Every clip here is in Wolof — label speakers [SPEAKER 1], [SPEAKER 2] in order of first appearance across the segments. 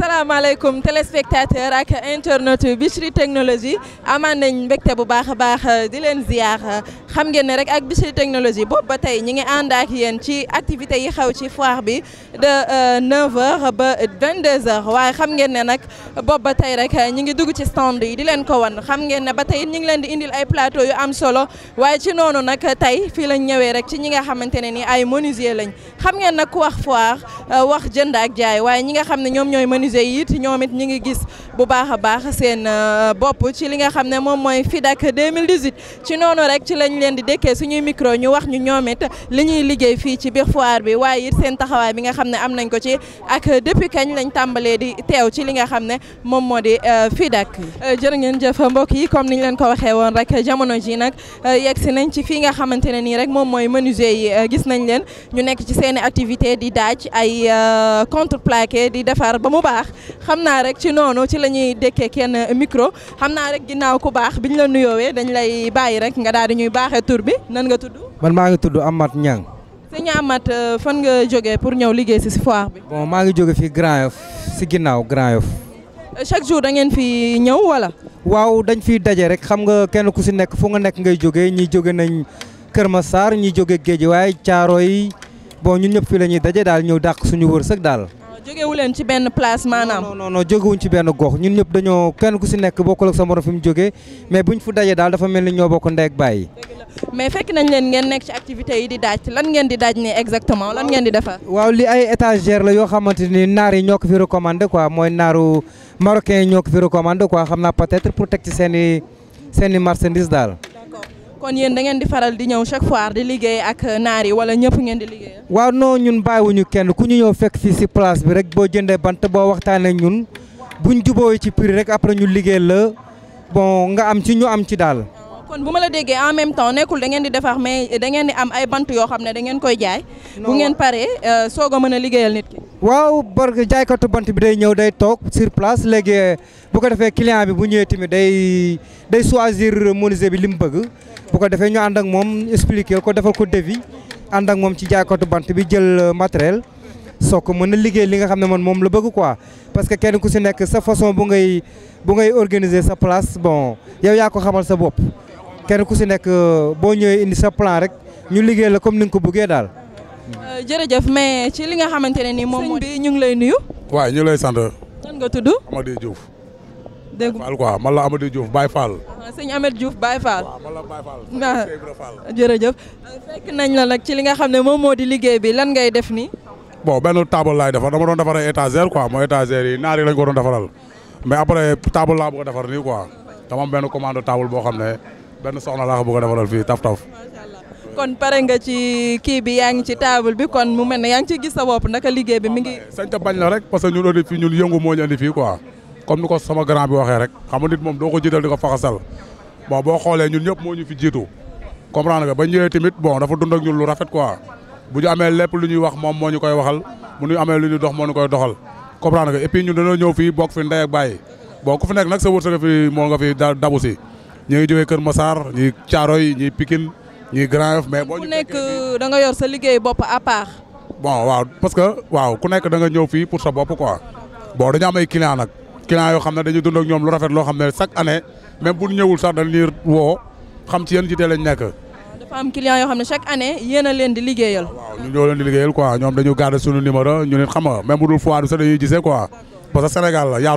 [SPEAKER 1] asalaamaaleykum téléspectateur ak internaute Bichri Technologie amaan nañ mbégte bu baax a baax di leen ziar xam ngeen ne rek ak Bichri technologie boobu ba tey ñi ngi ànd ak yéen ci activité yi xew ci foire bi de 9h euh, ba 22h waaye xam ngeen ne nag boobu ba tey rek ñi ngi dugg ci stand yi di leen ko wan xam ngeen ne ba tey ñi ngi leen di indil ay yu am solo waaye ci noonu nag tey fii lañ ñëwee rek ci ñi nga xamante ne ni ay menuisier lañ xam ngeen nag ku wax foire euh, wax jënd ak jaay waaye ñi nga xam ne ñoom ñooy menuisier yi it ñoom it ñi ngi gis bu baax a baax seen euh, bopp ci li nga xam ne moom mooy FIDAK 2018 ci noonu rek ci lañ leen di dékkee suñuy micro ñu wax ñu ñoom it li ñuy liggéey fii ci biir foire bi waaye it seen taxawaay bi nga xam ne am nañ ko ci ak depuis kañ lañ tàmbalee di teew ci li nga xam ne moom moo di euh, FIDAK euh, jër ngeen jëf mbokk yi comme niñ leen ko waxee woon rek jamono ji nag yegg si nañ ci fii nga xamante ne nii rek moom mooy menuisier yi gis nañ leen ñu nekk ci seen i activité di daaj ay contreplaqué di defar ba mu baax la ñuy dékkee kenn micro xam naa rek ginnaaw ku baax bi ñu la nuyoowee dañ lay bàyyi rek nga daal di ñuy baaxee tur bi nan nga tudd.
[SPEAKER 2] man maa ngi tudd Amath Niang.
[SPEAKER 1] sëñ Amath euh, fan nga jógee pour ñëw liggéey si si foire bi.
[SPEAKER 2] bon maa ngi jóge fii Grand Yoff si ginnaaw Grand Yoff.
[SPEAKER 1] Euh, chaque jour da ngeen fi ñëw wala.
[SPEAKER 2] waaw dañ fiy daje rek xam nga kenn ku si nekk fu nga nekk ngay jógee ñi jóge nañ Kër ma saar ñi jóge Géejawaay Caaro yi boo ñun ñëpp fii la ñuy daje daal ñëw dàq suñu wërsëg daal.
[SPEAKER 1] jógewu leen ci benn place
[SPEAKER 2] maanaam. non non non ci benn gox ñun ñëpp dañoo kenn ku si nekk bokkul ak sa morom fi mu jógee mais buñ fu dajee daal dafa mel ni ñoo bokk ndey ak bàyyi.
[SPEAKER 1] mais fekk nañ leen ngeen nekk ci activité yi di daaj lan ngeen di daaj nii exactement lan ngeen di defar.
[SPEAKER 2] waaw li ay étagère la yoo xamante ni naar yi ñoo ko fi recommandé quoi mooy naaru marocain yi ñoo ko fi recommandé quoi xam naa peut-être pour teg ci seeni seeni seen daal.
[SPEAKER 1] kon yéen da ngeen di faral di ñëw chaque fois di liggéey ak naar yi wala ñëpp ngeen di
[SPEAKER 2] liggéey. waa noo ñun bàyyiwuñu kenn ku ñu ñëw fekk fii si place bi rek boo jëndee bant boo waxtaanee ñun bu buñ jubóoyee ci piir rek après ñu liggéey la bon nga am ci ñu am ci daal.
[SPEAKER 1] kon bung la déggé en même temps nekul da ngeen di défar mais da ngeen ni am ay bantu yo xamné ne da ngeen koy jaay. bu ngeen paree euh, sogo mëna ligéyal nit ki
[SPEAKER 2] waw ki. jaay ko to bant bi day ñëw day tok sur place léegi euh, bu ko défé client bi bu ñëwee tamit day day choisir menuisier bi lim bëgg. bu ko défé ñu and ak mom expliquer ko defal ko devis and ak mom ci to bant bi jël euh, matériel. soo mëna mën li nga xamné man mom la bëgg quoi parce que kenn ku ci nekk sa façon bu ngay bu ngay organiser sa place bon yow ya ko xamal sa bop kenn ku si nekk euh, boo ñëwee indi sa plan rek ñu liggéey la comme ni nga ko bëggee
[SPEAKER 3] daal.
[SPEAKER 1] Euh, jërëjëf mais ci li nga xamante ne ni moom moo di ñu ngi lay nuyu.
[SPEAKER 3] waaw ñu lay sant. nga tudd. Amady Diouf. dégg nga Fall quoi man la Amady Diouf Baye Fall.
[SPEAKER 1] Ah, sëñ Ameth Diouf Baye Fall. waaw man la Baye Fall. waaw ah, jërëjëf. Euh, fekk nañ la nag li nga xam ne moom moo di liggéey bi lan ngay def nii.
[SPEAKER 3] bon benn table laay defar dama doon defar ay étagère moo mooy étagère yi naar yi lañ ko doon defaral mais après table laa bëgg a defar nii quoi dama am benn commande table boo xam ne. benn soxna laa ko bëgg a defaral fii taf taf.
[SPEAKER 1] kon pare nga ci kii bi yaa ngi ci table bi kon mu mel ne yaa ngi ciy gis sa bopp naka liggéey bi mi ngi. sañ bañ
[SPEAKER 3] la rek parce que ñun indi fi ñun yëngu moo ñu indi ko quoi comme ni ko sama grand bi waxee rek xam nga nit moom doo ko jiital di ko faxasal bon boo xoolee ñun ñëpp moo ñu fi jiitu comprendre nga ba ñëwee tamit bon dafa dund ak ñun lu rafet quoi bu ñu amee lépp lu ñuy wax moom moo ñu koy waxal mu ñu amee lu ñuy dox moo ñu koy doxal comprendre nga dañoo ñëw fii bokk fi ndey ak bàyyi nekk nag sa wërsëg moo nga fi dabu si ñu ngi jógee Kër Massar ñuy Thiaroy ñuy Pikine ñuy Grand Yoff mais boo
[SPEAKER 1] ñu nekk da nga yor sa liggéey bopp à paax
[SPEAKER 3] bon waaw parce que waaw ku nekk da nga ñëw fii pour sa bopp quoi bon dañu am ay client nag client yoo xam ne dañu dund ñoom lu rafet loo xam ne chaque année même bu ñëwul sax dañuy woo xam ci yéen jite lañ nekk.
[SPEAKER 1] dafa am client yoo xam ne chaque année yéen a leen di liggéeyal.
[SPEAKER 3] waaw ñu ñoo leen di liggéeyal quoi ñoom dañu garder suñu numéro ñu nit xam nga même bu dul foire bi sax dañuy gisee que Sénégal la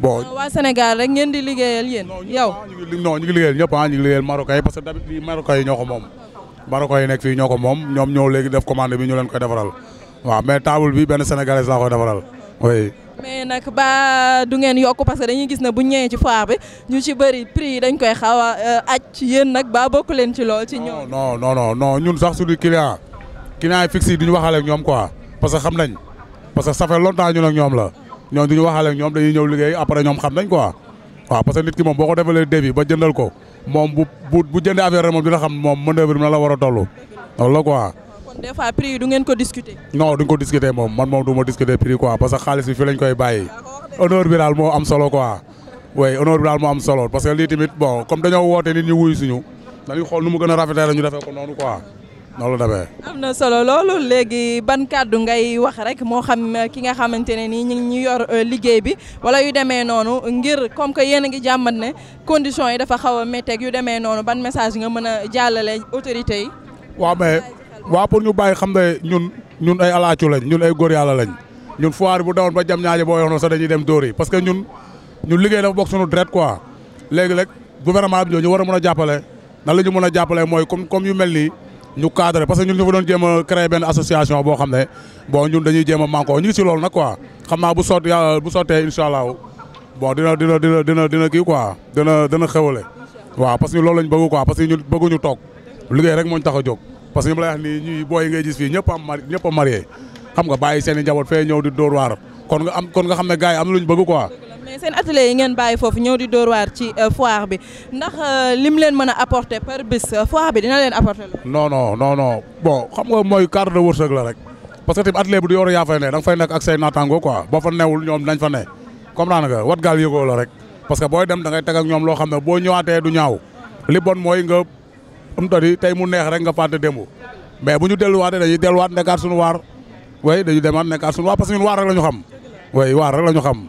[SPEAKER 3] bon
[SPEAKER 1] waa Sénégal rek ngeen di liggéeyal yéen yow. Ah,
[SPEAKER 3] non ñu ngi liggéeyal ñëpp ah, ñu liggéeyal Marocains yi parce que tamit lii Marocains yi ñoo ko moom. Marocains yi nekk fii ñoo ko moom ñoom ñoo léegi def commande bi ñu leen koy defaral waaw mais table bi benn sénégalais laa koy defaral oui.
[SPEAKER 1] mais ba du ngeen yokk parce que dañuy gis na bu ñëwee ci foire ñu ci bëri prix yi dañ koy xaw a àcc euh, yéen nag ba bokk leen ci lool. ci ñoom
[SPEAKER 3] non non non non ñun sax suñu client client yi fixe yi du ñu waxaale ak ñoom quoi parce que xam nañ parce que ça fait longtemps ñoom la ñoo duñu waxal ak ñoom dañuy ñew liggéey après ñoom xam nañ quoi wa parce que nit ki mom boko ko defalee ba jëndal ko mom bu bu bu jëndee affaire mom dina xam mom manœuvre bi na la wara tollu toll la quoi.
[SPEAKER 1] kon des fois prix du ngeen ko discuter.
[SPEAKER 3] non duñ ko discuter mom man mom duma discuter prix quoi parce que xaalis bi fi lañ koy bayyi honneur bi dal mo am solo quoi way honneur bi dal mo am solo parce que li timit bon comme dañoo woote nit ñi wuy suñu dañuy xol nu mu gën a ñu defee ko nonu quoi noonu la demee.
[SPEAKER 1] am na solo loolu léegi ban kàddu ngay wax rek moo xam ki nga xamante ne nii ñu ngi ñu yor euh, liggéey bi wala yu demee noonu ngir comme que yéen a ngi jàmbat ne condition yi dafa xaw a métteeg yu demee noonu ban message nga mën a jàllale autorités yi.
[SPEAKER 3] waaw mais waaw pour ñu bàyyi xam ne ñun ñun ay alaacu lañ ñun ay góor yàlla lañ ñun foire bu dawoon ba jam ñaaje boo yoonoo sax dañuy dem dóor parce que ñun ñun liggéey dafa bokk suñu dret quoi léegi rek gouvernement bi ñu war a mën a jàppale na la ñu mën a jàppale mooy comme comme yu mel nii ñu cadre parce que ñun ñu doon jëm créer ben association bo xamné bo ñun dañuy jëm manko ñu ci lool nak quoi xamna bu soot yàlla bu sottee inshallah bo dina dina dina dina dina ki quoi dina dina xewale wa parce que lool lañ bëgg quoi parce que ñu bëggu ñu tok liggéey rek moñ taxo jog parce que ñu lay wax ni ñuy boy ngay gis fi ñepp am mari ñepp a marié xam nga bàyyi seen i fe ñew di door war kon nga am kon nga xamné gaay am luñ bëgg quoi
[SPEAKER 1] Sen atelier yi ngeen bàyyi fofu ñëw di door war ci euh, foire bi ndax euh, lim leen mën apporter par bis euh, foire bi dina leen apporter
[SPEAKER 3] loolu. non non non non bon xam nga moy carte de wërsëg la rek parce que tamit atelier bu du yow yaa fay ne da nga fay nekk ak say natango quoi bo fa newul ñom dañ fa ne comprendre nga wat gaal yëgoo la rek parce que boy dem da ngay teg ak ñoom loo xam ne boo du ñaaw li bon moy nga am um tadi tay mu neex rek nga fàtte dembu mais bu ñu delluwaatee dañuy delluwaat nekkaat suñu war way dañu demaat nekkaat suñu war parce que ñun waar rek lañu xam way war rek lañu xam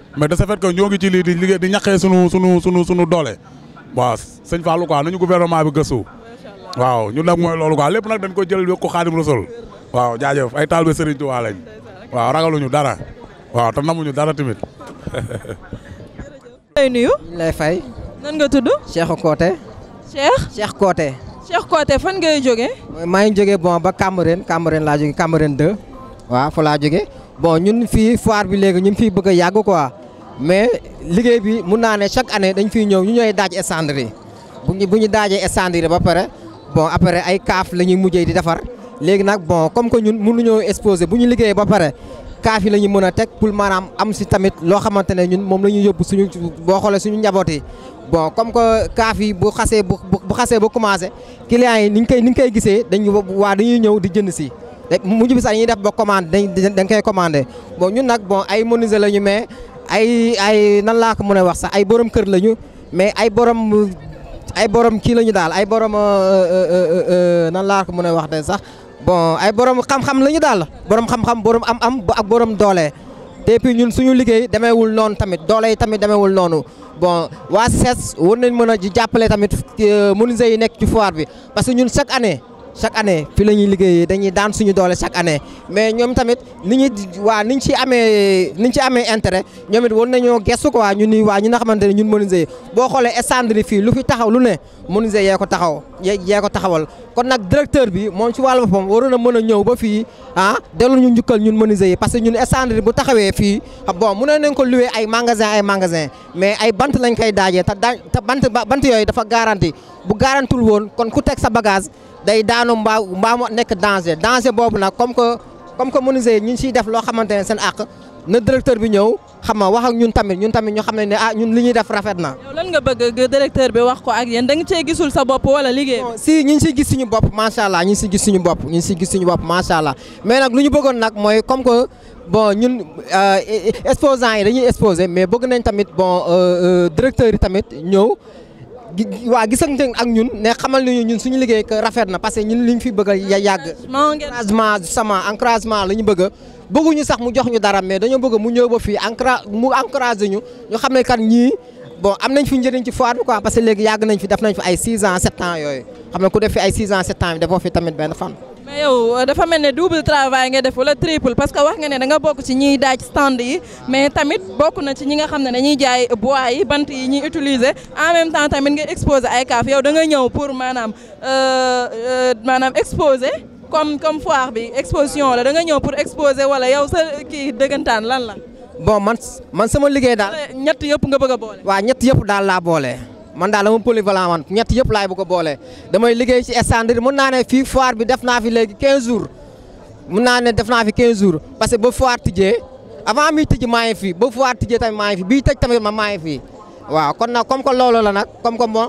[SPEAKER 3] mais de ce ñoo ngi ci lii di liggéey di ñaqee sunu sunu sunu sunu doole waaw sëñ Fallou quoi nañu gouvernement bi gëstu waaw ñu nag mooy loolu quoi lépp nag dañ ko jël yokk Xaadim Rasul waaw jaajëf ay taalibe Serigne Touba lañ waaw ragaluñu dara waaw te namuñu dara tamit. lay nuyu. lay fay. nan nga tudd. Cheikh Koté.
[SPEAKER 1] Cheikh. Cheikh Koté. Cheikh Koté fan ngay jógee.
[SPEAKER 4] maa ngi jógee bon ba Cambérène Cambérène laa jógee Cambérène 2 waaw fa laa jógee bon ñun fii foire bi léegi ñun fii bëgg a yàgg quoi. mais liggéey bi mun naa ne chaque année dañ fiy ñëw ñu ñooy daaj e yi bu ñu bu ñu daajee estendre ba pare bon après ay kaaf la ñuy mujjee di defar léegi nag bon comme que ñun mënuñoo exposé bu ñu liggéeyee ba pare kaaf yi la ñu mën a teg pour maanaam am si tamit loo xamante ne ñun moom la ñuy yóbbu suñu boo xoolee suñu njaboot yi bon comme que kaaf yi bu xasee bu bu xasee ba commencé clients yi ni ñu koy ni ñu koy gisee dañ waa dañuy ñëw di jënd si. mu mujj bi sax dañuy def ba commande dañ dañ koy commandé bon ñun nag bon ay menuisier la ñu mais. ay ay nan laa ko mën a wax sax ay borom kër lañu mais ay borom ay borom kii lañu daal ay borom euh, euh, euh, nan laa ko mën a wax de sax bon ay borom xam-xam lañu daal borom xam-xam borom am-am ak borom doole. te ñun suñu liggéey demeewul noonu tamit doole yi tamit demewul noonu bon waa CES war nañ mën a jàppale tamit menuisier yi nekk ci foire bi parce que ñun chaque année. chaque année fi la ñuy liggéeyee dañuy daan suñu doole chaque année mais ñoom tamit ni ñuy waa ni ñu ci amee ni ñu ci amee intérêt ñoom it nañoo gestu ko waa ñu waa ñi nga xamante ne ñun menuisier yi boo xoolee estendre fii lu fi taxaw lu ne menuisier yee ko taxaw yee ko taxawal kon nag directeur bi moom ci wàllu boppam waroon na mën a ñëw ba fii ah dellu ñu njukkal ñun menuisier yi parce que ñun estendre bu taxawee fii ah, bon mënoon nañ ko louer ay magasin ay magasin mais ay bant lañ koy daajee te daa te bant bant yooyu dafa garanti bu garantul woon kon ku teg sa bagage day daanu mbaa mbaa mu nekk danger danger boobu nag comme que comme que menuisier yi ñu ngi siy def loo xamante ne seen àq na directeur bi ñëw xam nga wax ak ñun tamit ñun tamit ñu xam ne ne ah ñun li ñuy def rafet na.
[SPEAKER 1] yow lan nga bëgg directeur bi wax ko ak yéen da nga cee gisul sa bopp wala liggéey.
[SPEAKER 4] si ñu ngi siy gis suñu bopp macha allah ñu si siy gis suñu bopp ñu ngi siy gis suñu bopp macha allah mais nag lu ñu bëggoon nag mooy comme que bon ñun euh, exposants yi dañuy exposé mais bëgg nañ tamit bon euh, euh, directeur yi tamit ñëw. waa gisante ak ñun ne xamal nañu ñun suñu liggéey rafet na parce que ñun liñ fi bëgg a yàgg. encouragement sama encouragement la ñu bëgg a bëgguñu sax mu jox ñu dara mais dañoo bëgg mu ñëw ba fii encra mu encouragé ñu ñu xam ne kat ñii bon am nañ fi njëriñ ci foire bi quoi parce que léegi yàgg nañ fi def nañ fi ay 6 ans 7 ans yooyu xam ne ku def fi ay 6 ans 7 ans bi defoo fi tamit benn fan.
[SPEAKER 1] yow euh, dafa mel ne double travail nga def wala triple parce que wax nga ne da nga bokk ci ñiy daaj stand yi mais tamit bokk na ci ñi nga xam ne dañuy jaay bois yi bant yi ñuy utiliser en même temps tamit nga exposer ay kaaf yow da nga ñëw pour maanaam euh, euh, maanaam exposer comme comme foire bi exposition la da nga ñëw pour exposer wala yow sa kii dëggantaan lan la.
[SPEAKER 4] bon man man sama liggéey daal. ñett yëpp nga bëgg a boole. waa ñett yëpp daal laa boole. man daal dama polyvalent man ñett yëpp laay bu ko boolee damay liggéey ci standard mën naa ne fii foire bi def naa fi léegi 15 jours mun naa ne def naa fi 15 jours parce que ba foire tijjee avant miy tijji maa ngi fi ba foire tijjee tamit maa ngi fi biy tëj tamit ma maa ngi fi waaw kon nag comme que loolu la nag comme que moo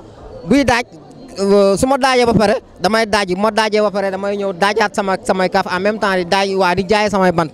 [SPEAKER 4] buy daaj euh, su ma daajee ba pare damay daaj ma daajee ba pare damay ñëw daajaat sama samay kaaf en même temps di daaj waa di jaay samay bant.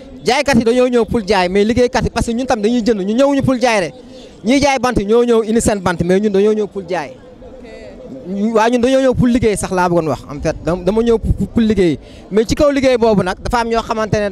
[SPEAKER 4] jaaykat yi dañoo ñëw pour jaay mais liggéeykat yi parce que ñun tam dañuy jënd ñu ñëwuñu pour jaay rek ñiy jaay bant ñoo ñëw indi seen bant mais ñun dañoo ñëw pour jaay waaw ñun dañoo ñëw pour liggéey sax laa bëggoon wax en fait dama ñëw pour liggéey mais ci kaw liggéey boobu nag dafa am ñoo xamante ne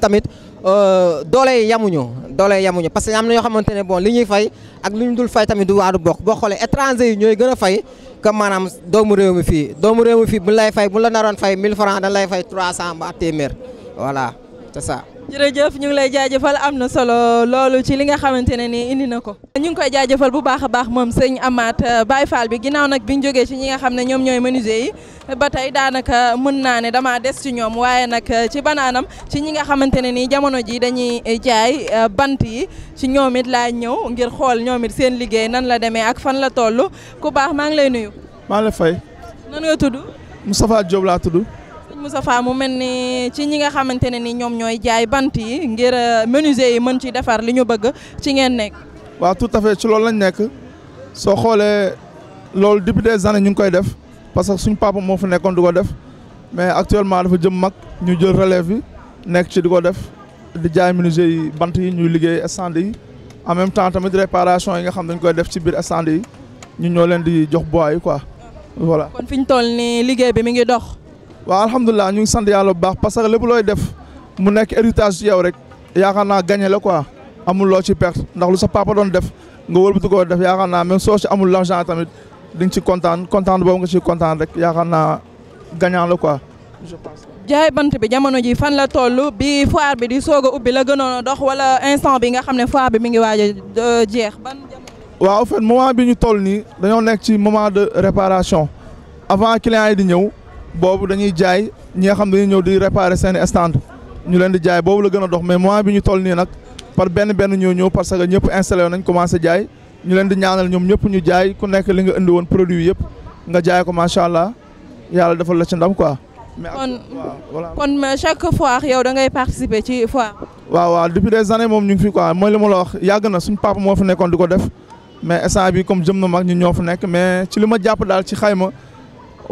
[SPEAKER 4] tamit euh, doole yi yamuñu doole yi yamuñu parce que am na ñoo xamante ne bon li ñuy fay ak li ñu dul fay tamit du waa du bokk boo xoolee étranger yi ñooy gën a fay que maanaam doomu réew mi fii doomu fii bu lay fay bu la naroon fay 1000 francs dañ lay fay 300 ba téeméer voilà c'est ça.
[SPEAKER 1] jërëjëf ñu ngi lay jaajëfal am na solo loolu ci li nga xamante ne nii indi na ko. ñu ngi koy jaajëfal bu baax a baax moom sëñ amaat euh, Baye Fall bi ginaaw nag bi ñu jógee ci ñi nga xam ne ñoom ñooy menuisier yi ba tey daanaka mën naa ne damaa des ci ñoom waaye nag euh, ci banaanam ci ñi nga xamante ne nii jamono ji dañuy euh, jaay bant yi ci ñoom it laa ñëw ngir xool ñoom it seen liggéey nan la demee ak fan la toll ku baax maa
[SPEAKER 5] ngi lay nuyu. maa ngi lay fay. nan nga tudd. Moustapha Diop tudd.
[SPEAKER 1] Moustapha mu mel ni ci ñi nga xamante ne ni ñoom ñooy jaay bant yi ngir euh, menuisier yi mën ci defar li ñu bëgg ci ngeen nekk.
[SPEAKER 5] waaw tout à fait ci lool lañ nekk soo xoolee loolu depuis des années ñu ngi koy def parce que suñ papa moo fu nekkoon di ko def mais actuellement dafa jëm mag ñu jël relève bi nekk ci di ko def di jaay menuisier yi bant yi ñuy liggéey stand yi en même temps tamit réparation yi nga xam dañ koy def ci biir stand yi ñu ñoo leen di jox bois quoi waaw alhamdulilah ñu ngi sant yàlla bu baax parce que lépp looy def mu nekk héritage ci yow rek yaakaar naa gagné la quoi amul loo ci perte ndax lu sa papa don def nga wëlbatu ko def yaakaar naa même so ci amul l'argent tamit di ci kontaan kontaan boobu nga ci kontaan rek yaakaar naa gagnant la quoi je
[SPEAKER 1] pense. jaay bant bi jamono ji fan la tollu bi foire bi di soga ubbi la gënoon dox wala instant bi nga xamné foire bi mi ngi waaj a euh, jeex ban.
[SPEAKER 5] waaw en moment bi ñu toll ni dañu nekk ci moment de réparation avant client yi di ñëw. boobu dañuy jaay ñi nga xam dañuy ñëw di réparer seen i ñu leen di jaay boobu la gën a dox mais mois bi ñu toll nii nag par benn benn ñoo ñëw parce que ñëpp installé nañ commencé jaay ñu leen di ñaanal ñoom ñëpp ñu jaay ku nekk li nga indi woon produit yëpp nga jaay ko macha allah yàlla defal la ci ndam quoi.
[SPEAKER 1] kon kon chaque foire yow da ngay participer ci foire.
[SPEAKER 5] waaw waaw depuis des années moom ñu ngi fi quoi mooy li ma wax yàgg na suñu papa moo fi nekkoon di ko def mais instant bi comme jëm na mag ñu ñoo fi nekk mais ci li ma jàpp daal ci xayma.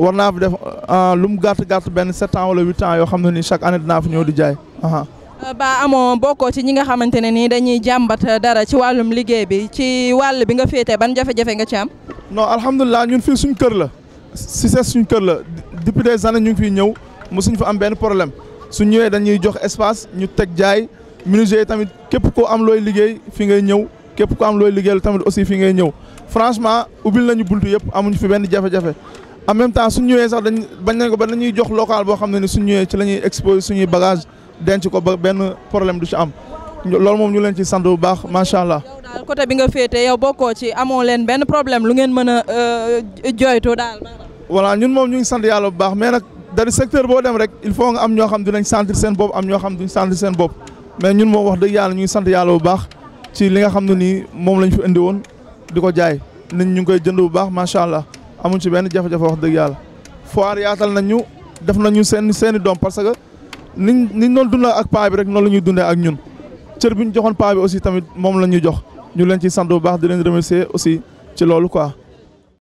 [SPEAKER 5] war naa fi def euh, euh, lu mu gàtt gàtt benn sept ans wala huit ans yoo xam ne ni chaque année dinaa fi ñëw di jaay. Euh,
[SPEAKER 1] ba amoo bokkoo ci ñi nga xamante ne nii dañuy jàmbat dara ci wàllum liggéey bi ci wàll bi nga féetee ban jafe-jafe nga ci am.
[SPEAKER 5] non alhamdulilah ñun fii suñ kër la si seet suñ kër la depuis des années ñu ngi fiy ñëw mosuñ fa am benn problème suñ ñëwee dañuy jox espace ñu teg jaay menuisier tamit képp koo am looy liggéey fi ngay ñëw képp ko am looy liggéeyal tamit aussi fi ngay ñëw franchement ubbil nañu buntu yëpp amuñu fi benn jafe en même temps suñ ñëwee sax dañ bañ nañ ko ba dañuy jox local boo xam ne ni suñ ñëwee ci la ñuy exposer suñuy bagage denc ko ba benn problème du ci am loolu moom ñu leen ci sant bu baax macha allah. yow daal côté bi
[SPEAKER 1] nga féete yow bokkoo ci amoo leen benn problème lu ngeen mën a euh,
[SPEAKER 5] jooytu daal. voilà ñun moom ñu ngi sant yàlla bu baax mais nag dari secteur boo dem rek il faut nga am ñoo xam dinañ sentir seen bopp am ñoo xam duñ sentir seen bopp mais ñun moom wax dëgg yàlla ñu ngi sant yàlla bu baax ci li nga xam ne nii moom lañ fi indi woon di ko jaay nit ñu ngi koy jënd bu baax macha allah. amuñ ci benn jafe-jafe wax dëgg yàlla foo foire yaatal nañ ñu def nañu seen seen i doom parce que niñ niñ doon dundal ak paa bi rek noonu la ñuy dundee ak ñun cër bi ñu joxoon paa bi aussi tamit moom la ñuy jox ñu leen ci sant bu baax di leen remercier aussi ci loolu quoi